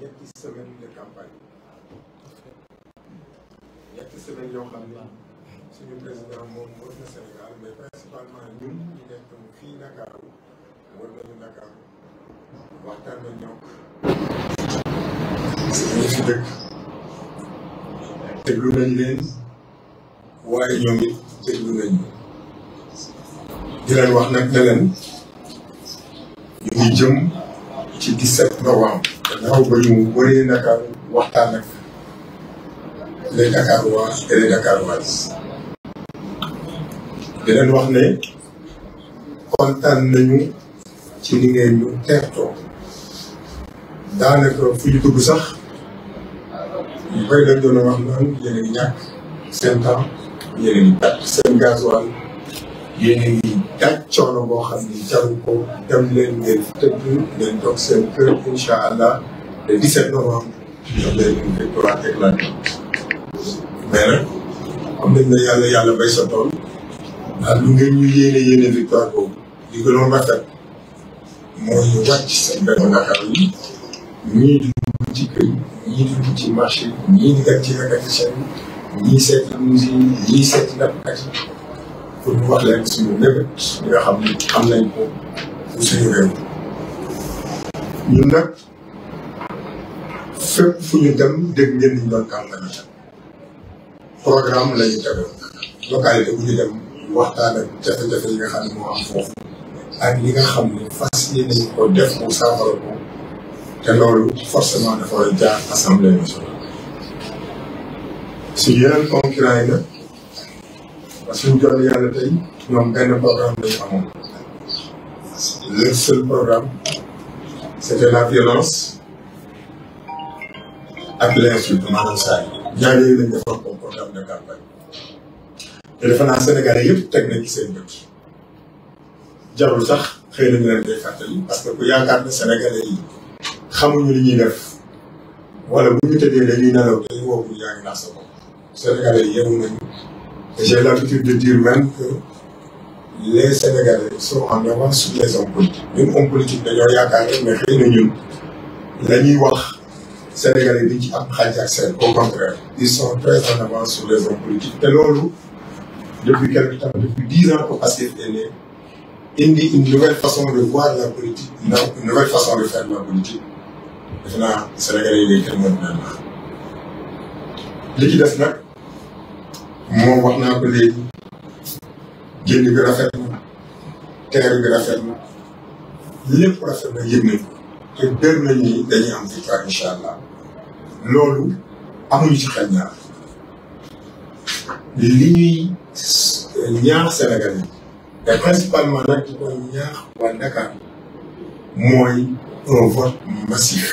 ñetti semaine de campagne ñetti semaine yoo xam président moom wër na Sénégal mais principalement ñun ñu nekk fii Ndakaaru wër nañu Ndakaaru waxtaan na ñoom suñu si nañu di leen wax nag ne leen ñu jëm ci 17 novembre dafa bëgg mu wëree Dakar waxtaan ak les Dakarois et les wax ne kontaan nañu ci ni ngeen ñu teertoo daanaka fu ñu dugg sax ñu koy dañ doon wax naan yéen ngi ñàkk seen temps ngi daj seen gasoil yéen ngi daj coono boo xam ni jaru ko dem leen ngeen tëdd ngeen toog seen kër allah. le 17 novembre. daf nag am nañ ne yàlla yàlla bay sa tool. ndax lu ngeen ñu yéene yéene victoire boobu. li gënoon rafet. mooy ñu wàcc seen benn Dakar yi. ñii di ñii di ci marché ci mécanicien ñii seeti musée pour ñu wax leen suñu mébét nga xam ne am nañ ko pour suñu réew ñun nag. fépp fu ñu dem dégg ngeen ni ñu doon campagne programme la ñu tegoon localité bu ñu dem waxtaan ak jafe-jafe yi nga xam ne moo am foofu ak li nga xam ne fas yéene nañu ko def mu saafara ko te yàlla tey ñoom benn programme la ñu amoon le seul programme la violence ak l'insulte maanaam saa yi ñaar yooyu lañ defoon comme programme de campagne te defe naa Sénégalais yëpp teg nañ ci seen bët sax xëy na ñu leen parce que ku yaakaar ne Sénégalais yi xamuñu li ñuy def wala bu ñu tëddee dañuy nelaw te woo ko yaa ngi naan sa bopp Sénégalais yi yeewu nañu et j'ai l'habitude de dire même que les Sénégalais sont en avance sur les hommes politiques ñun hommes politiques dañoo yaakaar rek ne xëy na wax. Sénégalais yi am xaaj ak seen au contraire ils sont très en avance sur les hommes politiques te loolu depuis quelque temps depuis dix ans que Pastef est né indi une nouvelle façon de voir la politique nouvelle façon de faire la politique defe naa Sénégalais yi ngay kenn mën naa naa wax naa ko léegi génn bi rafet na teer bi rafet na na yëg te dër dañuy am victoire allah loolu amuñu ci xel ñaar li ñuy ñaax Sénégal yi principalement nag di koy ñaax waa Dakar mooy un vote massif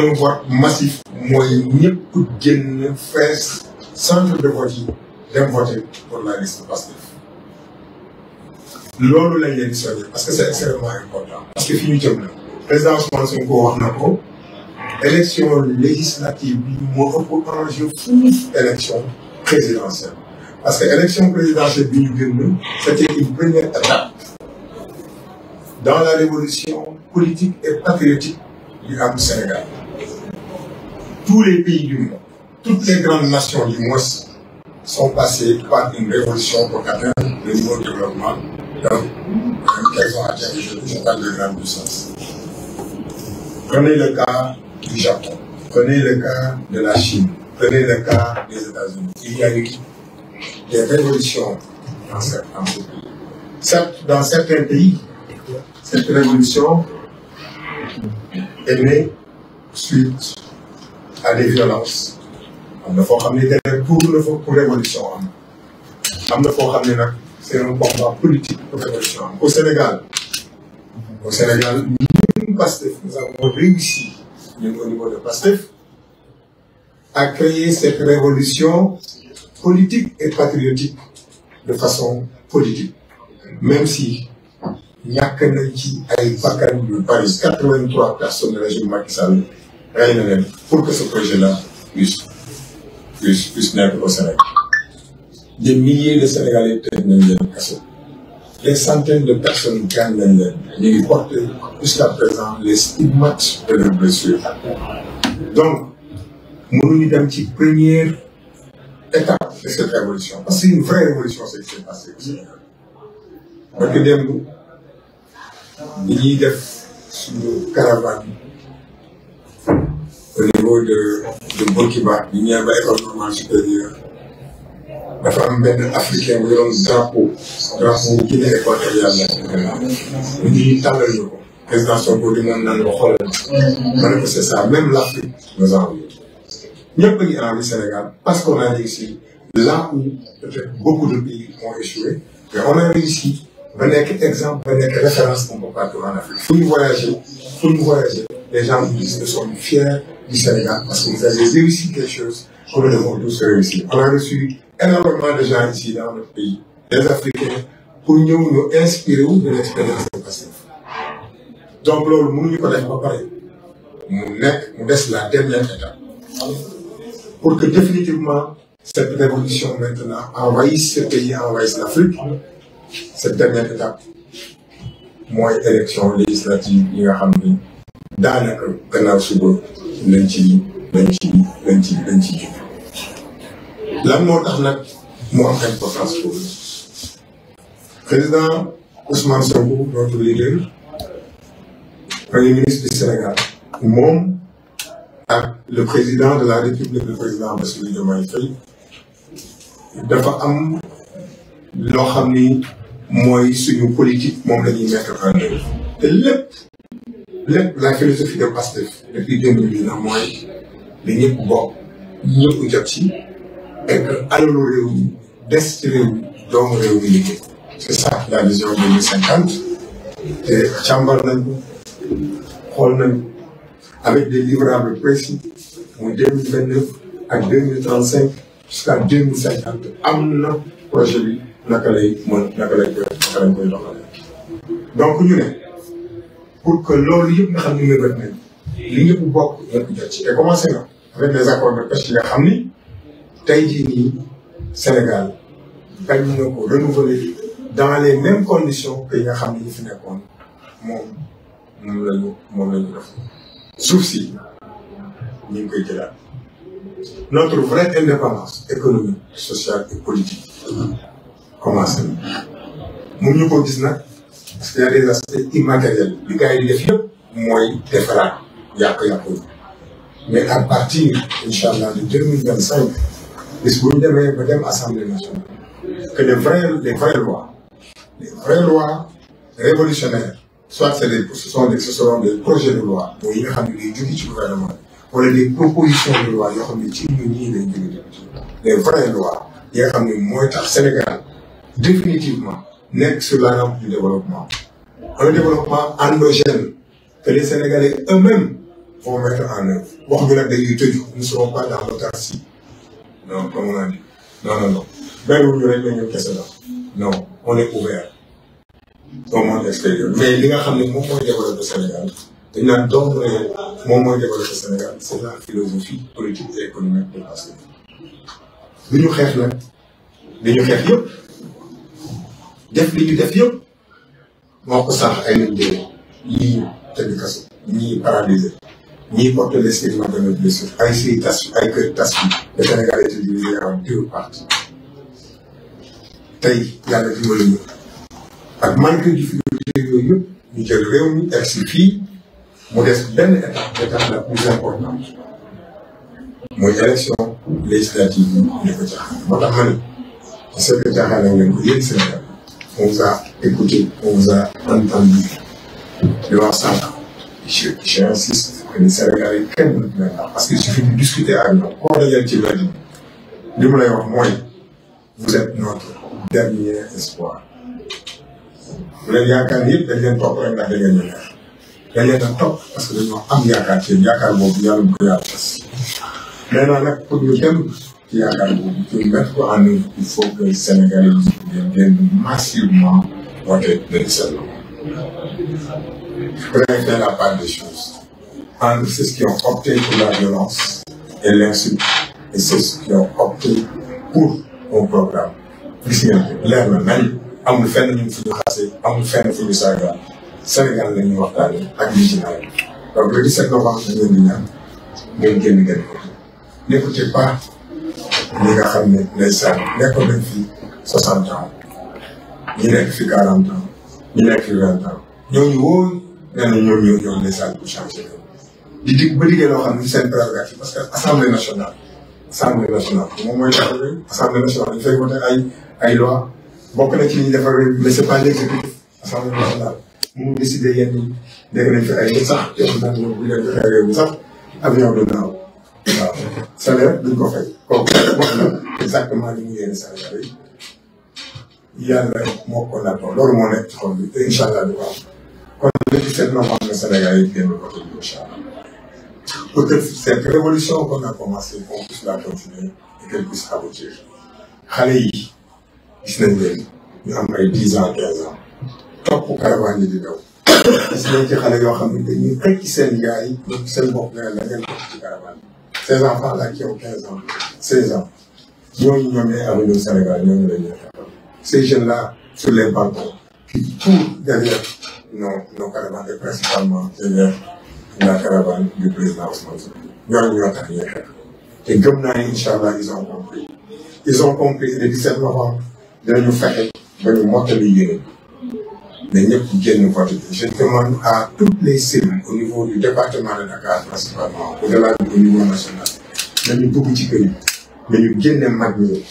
un vote massif mooy ñëpp génn fees centre de vote dem voter pour la liste Pastef loolu lañ leen di parce que c'est extrêmement important parce que fi ñu jëm la président Ousmane Sonko wax na ko élection législative bi moo enjeu fuuf élection présidentielle parce que élection présidentielle bi ñu génn c'était une première étape dans la révolution politique et patriotique du am Sénégal tous les pays du monde toutes les grandes nations du monde sont passées par une révolution pour atteindre le niveau développement donc qu'elles ont atteint aujourd'hui, c'est pas de prenez le cas du Japon. Prenez le cas de la Chine. Prenez le cas des États-Unis. Il a eu des révolutions dans certains pays. cette révolution est née suite à des violences am na foo xam ne tey pour pour révolution am am na foo xam ne nag politique pour révolution am au Sénégal au Sénégal ñun Pastef nous avons réussi ñun au niveau de PASTEF a créé cette révolution politique et patriotique de façon politique même si ñàkk nañ ci ay bakkan yu Paris quatre-vingt-trois personnes régime Macky Sall rey na leen pour que ce projet-là puisse puisse puisse naître au Sénégal des milliers de Sénégalais tëj nañ leen kaso des centaines de personnes gaañ nañ leen ñu ngi jusqu'à présent les stigmates de leurs blessures donc mënuñu dem ci première étape de cette révolution parce que c'est une vraie révolution c'est qui s'est passé parce que démb bi ñuy def suñu caravane au niveau de de Bokiba bi ñëw ba école normale supérieure dafa am benn africain bu yoroon drapeau drapeau Guinée équatoriale la. ñu ngi tàllal ñu ko. président Sonko di naan naan la xoolal ma ne ko c'est ça même l'Afrique nous en veut. ñëpp a ngi envie Sénégal parce qu'on a réussi là où peut-être beaucoup de pays ont échoué mais on a réussi ba nekk exemple ba nekk référence un peu partout en Afrique. fu ñu voyager fu ñu voyager les gens nous disent que sont fiers du Sénégal parce que vous avez réussi quelque chose que nous devons tous réussir on a reçu. énormément de gens ici dans notre pays des Africains pour ñëw ñu de l'expérience de donc loolu mënuñu ko ba pare mu nekk mu des la dernière étape pour que définitivement cette révolution maintenant envahisse ce pays envahisse l'Afrique cette dernière étape mooy élection législative yi nga xam ni daanaka suba nañ ci nañ ci lan moo tax nag mu am importance boobu président leader premier ministre du Sénégal moom ak le président de la République le président Bassirou Diomaye Faye dafa am loo xam ni mooy suñu politique moom la ñuy mettre en œuvre te lépp lépp la philosophie de Pastef depuis deux mille dix mooy li ñëpp bokk ñëpp jot ci et que alalu réew mi des ci réew mi doomu réew mi liggéey. c'est ça la vision deux mille cinquante te càmbar nañ ko xool nañ avec des livrables précis muy deux mille vingt neuf ak deux mille trente cinq jusqu'à deux mille cinquante am na projet bi naka lay mën naka lay koy naka lañ koy doxalee. donc ñu ne pour que loolu yëpp nga xam ne mébét nañ li ñëpp bokk ñëpp jot ci te commencé na avec les accords de pêche nga xam ni. tey jii nii Sénégal kañ na ko renouveler dans les mêmes conditions que nga xam ne ñu fi nekkoon moom moom la ñu moom suuf si ñu ngi koy jëlaat notre vraie indépendance économique sociale et politique commencé na mun parce que y a des aspects immatériels yi di def mooy defaraat yàq-yàq mais à partir incha allah de deux mille bis bu ñu demee ba dem assemblée nationale que les vraies les vraies lois les vraies lois révolutionnaires soit c'est des sont des projets de loi mooy yi nga xam ne day jóge des propositions de loi yoo xam ne ci ñun ñii lay jóge lois yi nga xam ne mooy tax Sénégal définitivement nekk sur la rampe développement un développement endogène que les Sénégalais eux-mêmes vont mettre en œuvre wax bi nag dañuy tëju nous ne serons pas dans l'autarcie Non, comme on a Non, non, non. benn wu ñu rek la kese la. non on est ouvert. au monde mais li nga xam ne moom mooy développé Sénégal dañ naan moom mooy développé Sénégal c'est la philosophie politique et économique de li ñu xeex nag li ñu xeex yëpp def li ñu def yëpp moo ko sax ay nit de ñii tëdd kaso ñii ñiy porté l'expériment de notre blessure ay suy tas ay kër tas bi le Sénégal est divisé en deux parties tey yàlla dimbali ñu ak manque de difficulté yooyu yëpp ñu jël réew mi egg si fii mu des benn étape étape la plus importante mooy élection législative yi ñu ko caaxaan moo tax ma ne parce que caaxaan ngeen ko yéen Sénégal on vous a écouté on vous a entendu di wax sànq je j'insiste que ni Sénégal yi kenn du leen nax parce que il suffit de discuter ak ñoom koo dajal ci mbedd li mu lay wax mooy vous êtes notre dernier espoir. bu leen yaakaar yëpp dañ leen topp rek ndax da ngeen ñu neex dañ leen a topp parce que dañoo am yaakaar ci yaakaar boobu yàlla bu ko yàlla tas. maintenant nag pour ñu dem ci yaakaar boobu pour mettre ko en œuvre il faut que Sénégalais yi ngeen massivement voté le 17 novembre. prenez la part des choses. entre ceux qui ont opté pour la violence et l'insulte et ceux qui ont opté pour un programme gis ngeen leer na nañ amul fenn ñu fu ñu xasee amul fenn fu ñu saaga Sénégal la ñuy waxtaanee ak li ci nawet donc le 17 novembre ñu leen di ñaan ngeen génn ngeen ko n'écoutez pas ñi nga xam ne ndeysaan nekkoon nañ fi 60 ans ñi nekk fi 40 ans ñi nekk fi 20 ans ñooñu wóor nee na ñoom ñoo ñoom ndeysaan bu changé di dig ba liggéey loo xam ne seen prérogative parce que assemblée nationale. assemblée nationale moom mooy taxaw assemblée nationale ñu fay voté ay defar mais c'est pas l'exécutif assemblée nationale mu décidé yenn yi dégg nañ fi ay nit sax jox naan ñoom bu leen defee réew mi sax avion du naaw waaw salaire duñ ko fay kooku wax na exactement li mu yéene Sénégal ko nattoo loolu moo nekk ci xol bi te incha allah du ko am kon le 17 novembre Sénégal yi génn ko incha allah peut-être cette révolution qu'on a commencée qu'on puisse la continuer et qu'elle puisse aboutir xale yi gis nañ leen ñu am ay dix ans quinze ans topp caravane yi di daw gis nañ ci xale yoo xam ne dañuy xëcc seen yaay yi seen bopp nga la ngeen topp ci caravane ces enfants là qui ont quinze ans seize ans ñooñu ñoom ñooy avenir Sénégal ñooñu la ñuy ces jeunes là sur les balcons qui courent derrière nos nos caravanes et principalement derrière la caravane du président Ousmane Sonko ñooñu ñoo tax ñuy xeex te gëm naa ni incha allah ils ont compris ils ont le 17 novembre dinañu fexe ba ñu mottali yéene mais ñëpp génn voté je demande à a les cellules au niveau du département de Dakar principalement au-delà du niveau national nañu dugg ci kër yi nañu génne mag ñi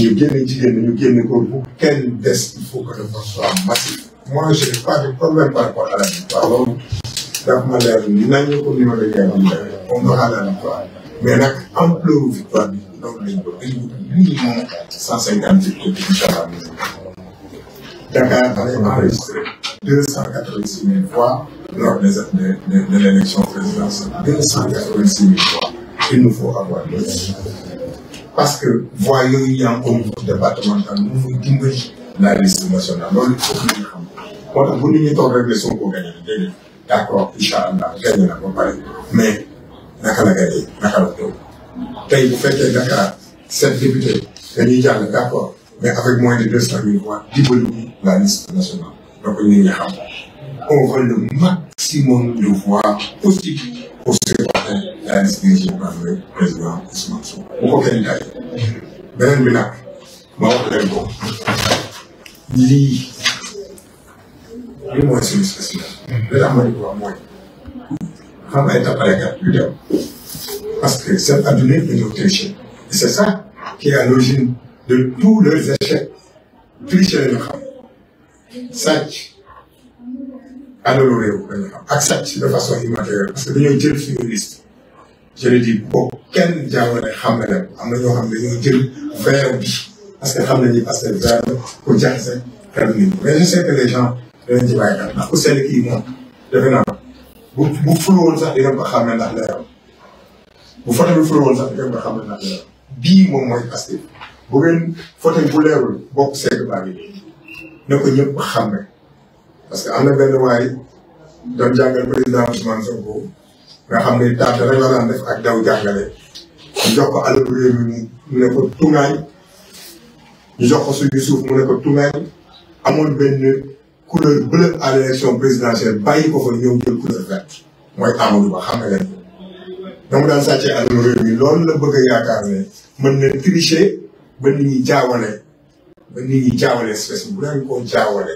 ñu génne jigéen nañu génne góor bu kenn des il faut que le vote soit massif moi je n'ai pas de par rapport à la victoire daf ma leer ni nañu ko ni ma la jeexal ma leer comme waxaa la victoire mais nag ampleur victoire bi loolu lañ ko dañu cent cinquante incha allah. Dakar avait enregistré deux cent de l'élection présidentielle deux cent parce que voix yooyu yi am concours départemental mu ngi dimbali la liste nationale loolu il faut que ñu xam moo tax bu nit ñi d' accord incha allah gañe na ba mais naka la gañe fekkee Dakar sept députés dañuy jàll d' mais avec moins de deux cent mille la liste nationale donc ñu ngi le maximum de possible pour supporter la liste par le président Ousmane Sonko. beneen bi ma wax lii li mooy suñu spécial li tax ma di ko wax mooy xam nga ay tappalekat yu dem parce que seen adduna yëpp dañoo tricher et c'est ça qui est à l'origine de tous leurs échecs tricher la ñu xam sàcc alalu réew la ñu xam façon immatérielle parce que dañoo jël suñu je le dis boo kenn jaawale xam na leen am na parce que xam nañu parce que verre ku jaxase xel nit je sais que les gens danañ ci bàyyi ndax bu bu sax di ngeen ko xàmmee ndax bii moom mooy Pastef bu ngeen foto bu leerul bokk segg baa ngi na ko ñëpp xàmmee parce que am na benn waay doon jàngal président Ousmane Sonko nga xam ne taat rek ak daw jàngale ñu jox ne ko tungaay ñu jox suuf mu ne ko tungaay amoon benn couleur bleue à l'élection présidentielle bàyyi ko fa ñëw jël couleur verte mooy Amadou Ba xam nga leen ko mu daan sàccee alalu réew mi loolu la bëgg a yaakaar ne mën na tricher ba nit ñi jaawale ba nit ñi jaawale espèce bu leen ko jaawale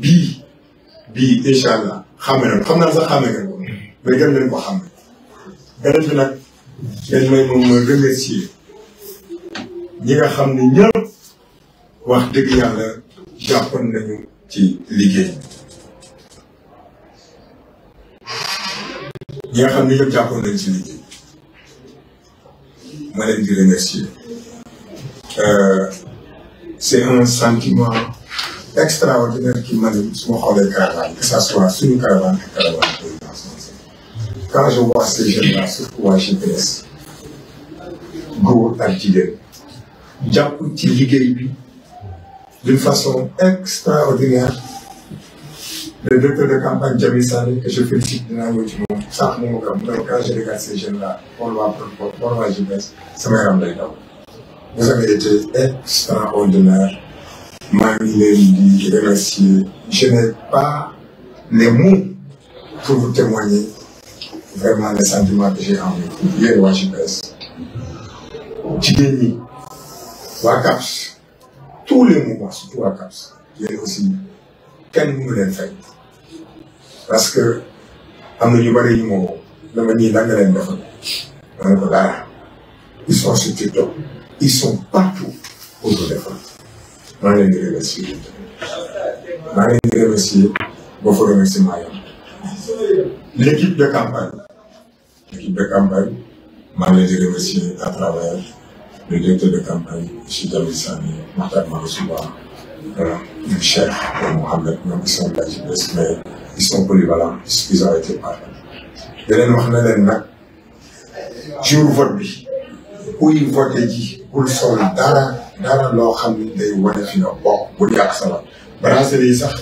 bii bii incha allah xame na xam naa sax xame ngeen ko mais gën leen ko xam beneen ñi nga xam ne ñëpp wax dëgg yàlla jàppoon nañu ci liggéey ñi nga xam ne ñëpp jàppoon nañ ci liggéey di remercier euh, c'est un sentiment extraordinaire qui mane su ma xoolee caravane que ça soit suñu caravane ak caravane présidence quand je vois ces jeunes-là surtout waa GPS góor ak jigéen jàpp ci liggéey bi d'une façon extraordinaire le directeur de campagne Djamil Sané que je félicite dinaa ñëw ci moom sax mu nga mu ne quand je regarde ces jeunes là xool waa Procope xool waa Jumès sama yaram lay daw. vous avez été extraordinaire. maa ngi leen di remercier je n'ai pas les mots pour vous témoigner vraiment les sentiments que j'ai en vous yéen waa Jumès. jigéen ñi waa tous les mouvements surtout waa CAPS aussi kenn mënu leen fay parce que am na ñu bëri ñu ma woo dama ñii lan nga leen defal ma ne ko ils sont sur TikTok ils sont partout pour ñu defal maa ngi leen remercier maa l'équipe de campagne l'équipe de campagne maa ngi leen à travers le directeur de campagne Cheikh Jalil Sani Makhtar Mansour du chef Mohamed ñoom ils sont de la jeunesse mais ils sont polyvalents ils ont été parfaits. beneen wax na leen nag jour vote bi kuy voté ji bul sol dara dara loo xam ni day wane fi nga bokk bul yàq sa la bracelet yi sax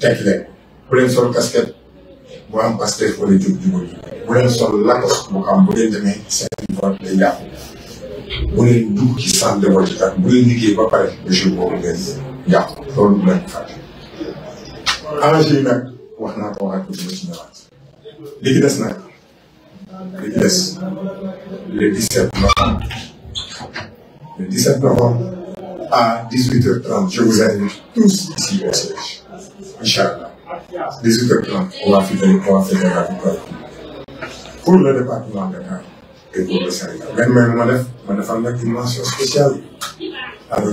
tekki leen bu leen sol casquette bu am Pastef wala jub jubal bu sol lakkos bu am bu leen demee seen vote day bu leen dugg ci de vote ak bu leen liggéey ba pare monsieur boobu ngeen yàqu loolu bu leen ko fàtte. nag wax naa ko waxaat ko ci ba ci ñëwaat nag li ci des le novembre le 17 novembre à 18h30 je vous invite tous ici au siège inch'Allah 18h30 on va finir on va finir la victoire pour le département de Dakar. république Sénégal benn may ma def ma defal nag une mention spéciale à le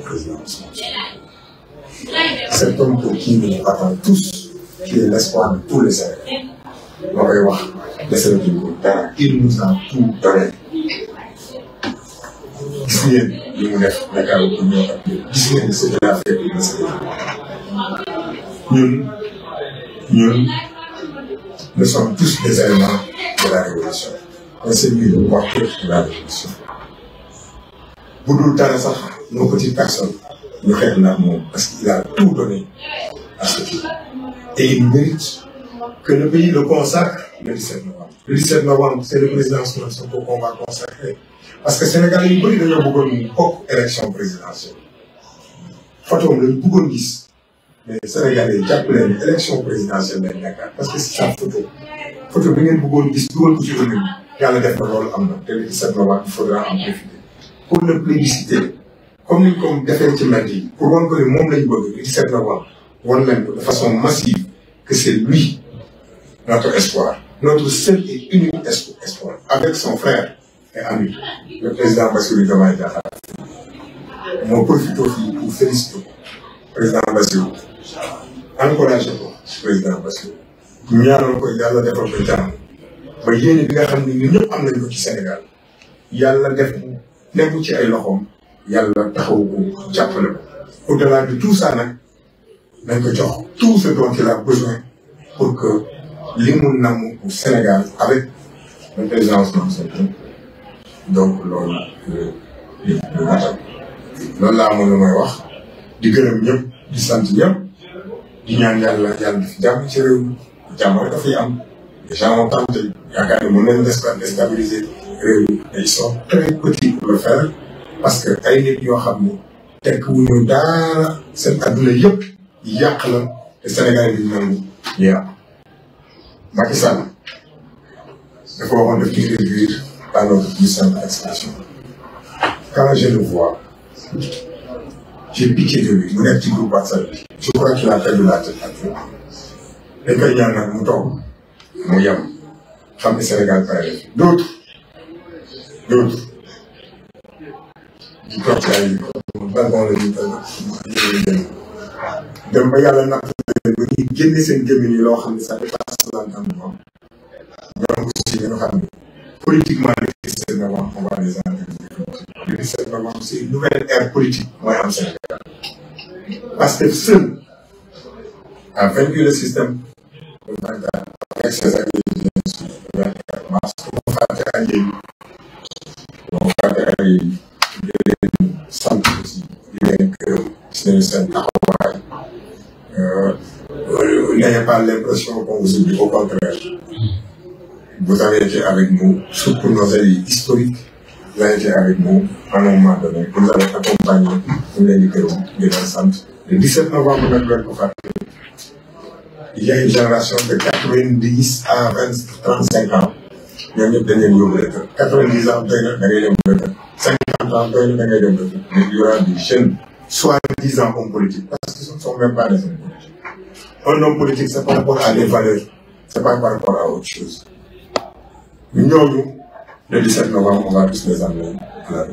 président Ousmane cet homme pour qui nous nous tous qui est l'espoir de tous les Sénégalais ma koy wax desalatuñ ko dara il nous a tout donné gis ngeen li mu def Dakar bu ñëw ak ñun gis ngeen ce qu'il a fait le Sénégal de la révolution enseigne le portrait de la révolution bu dul nos petites personnes ñu xeex parce que il a tout donné à ce et il mérite que le pays le consacre le 17 novembre. le 17 novembre c'est le président Ousmane Sonko qu'on va consacrer parce que Sénégal yu bëri dañoo bëggoon ñu bokk élection présidentielle photoom lañu bëggoon gis mais Sénégalais jàpp leen élection présidentielle lañ nekkaat parce que c'est sa photo. parce que bi ngeen bëggoon gis dugal ko ci commune bi yàlla def na loolu am na te li ci seetlu waat profiter pour le plébisciter comme ni ko defee ci mbedd yi pour wan ko moom lañ bëgg li ci seetlu waat wan nañ de façon massive que c'est lui notre espoir notre seul et unique espoir avec son frère et ami le président Bassirou moo profité pour féliciter président Bassirou ñaanal ko yàlla defal ko jàmm ba yéene bi xam ne ñun ñëpp am nañ ko ci Sénégal yàlla def nekku ci ay loxoom yàlla taxaw ko jàppale ko au delà de tout pour que li mu namm pour Sénégal avec le président Ousmane Sonko donc loolu li lu matal loolu laa amoon lu may wax di gërëm ñëpp di sant ñëpp di ñaan yàlla yàlla def jàmm jàmmal dafay am les gens ont tenté yaakaar ne mën nañu déstabiliser réew mi pour le faire parce que ay nit ñoo xam ne tekk wu ñu daara seen adduna yëpp yàq la te Sénégal bi nangu ñu yàq Macky Sall dafa waxoon daf réduire dans notre puissance d'expression quand je le vois j'ai pitié de lui mu nekk ci groupe WhatsApp bi je crois qu'il a perdu la tête actuellement dañ ñaan nag mu toog mu yem xam ne Sénégal pare la dootu di toog ay balcon la ñuy toog dem ba yàlla natt leen ba ñuy loo xam ne sax dépasse lan am moom ñoom aussi dañoo xam ne politiquement le 17 novembre on va les entendre le 17 novembre c'est une nouvelle ère politique mooy Sénégal parce que seul a vaincu le système Bunlar da Texas'a gideceğiniz ben yapmaz. Mufat Ali, Mufat Ali, Gülen Santos, Gülen Kırıl, Sinirsen Hawaii. Vous n'avez pas l'impression qu'on vous oublie, au contraire. Vous avez été avec nous, surtout nos alliés historiques, vous avez été avec nous à un moment donné, vous avez accompagné, vous l'avez dit, le 17 novembre, vous l'avez fait. il y a une génération de quatre-vingt-dix à vingt trente-cinq ans ñoom ñëpp dañ leen yóbbu retraite quatre-vingt-dix ans doy na da ngay dem retraite cinquante ans doy na da dem retraite mais il y aura des jeunes soi-disant hommes politiques parce qu'ils ne sont même pas des hommes politiques un homme politique c'est par rapport à des valeurs c'est pas par rapport à autre chose ñooñu le 17 novembre on va tous les amener à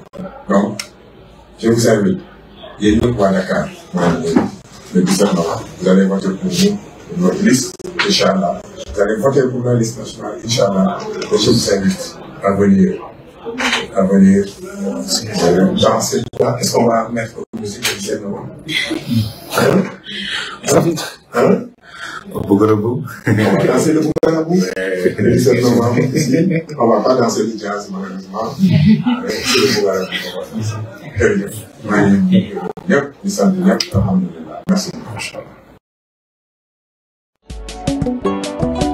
notre liste, Inch'Allah. Vous allez voter pour la liste nationale, Inch'Allah. Et je vous invite à venir, à venir danser. Est-ce qu'on va mettre une musique de 17 novembre Hein Hein Bougarabou. On va danser le Bougarabou le 17 novembre ici. On ne va pas danser le jazz, malheureusement. C'est le Bougarabou qu'on va danser. Jërëjëf. maa ngi ñëpp di sant ñëpp alhamdulilah. merci beaucoup.